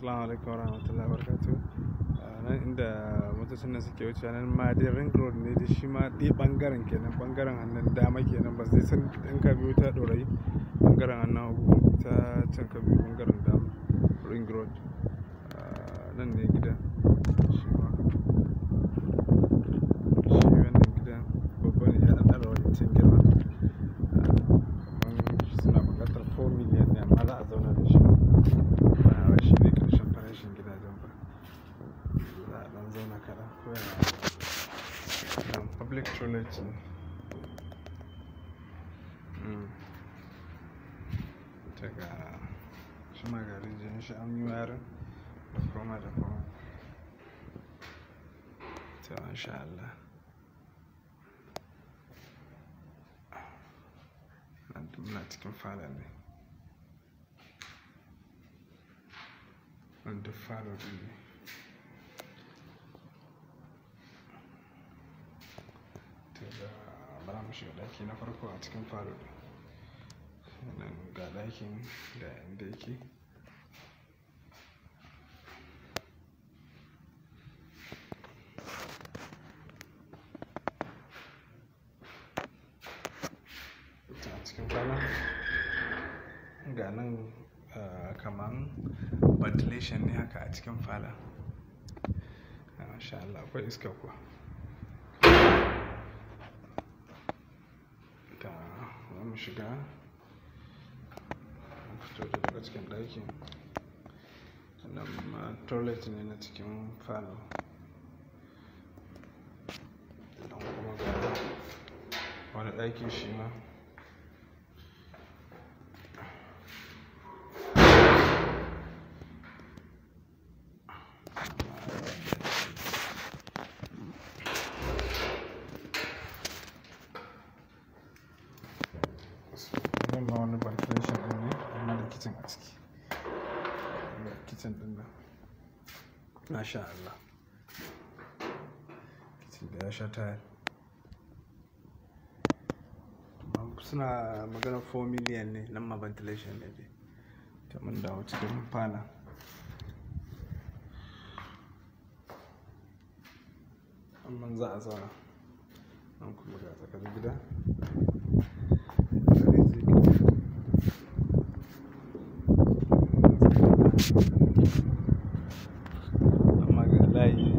assalamu alaikum warahmatullahi wabarakatuh nan inda motocin nan suke wuce nan ma dai ring road ne da shi ma dai bangaren bangaren hannun dama ba san in ka biyo ta bangaren hannun hagu ta can ka biyo bangaren dama ring road nan ne wani can girma kamar suna 4 ne amma za a zauna da shi zauna kaɗan ko yana public toilet ne hmm. daga shi magarin jin shi an yi warin da koma da koma ta insha Allah na cikin fada ne na duk fada ne bara mu shiga ɗaki na farko a cikin falo nan ga ɗakin da inda yake a cikin falo ga nan kamar ventilation ne haka a cikin falon insha Allah akwai iska kuwa shiga an fito da daga cikin ɗakin sannan ma toilet ne na cikin falo wani ɗakin shi ma nan ma wani ventilation ɗin ne amma da kitchen a ciki da kitchen ɗin nan masha Allah kitchen da ya sha tayar suna magana 4 million ne nan ma ventilation ne dai ta mun dawo cikin fana amma za a zara an kuma ga tsakar gida guys.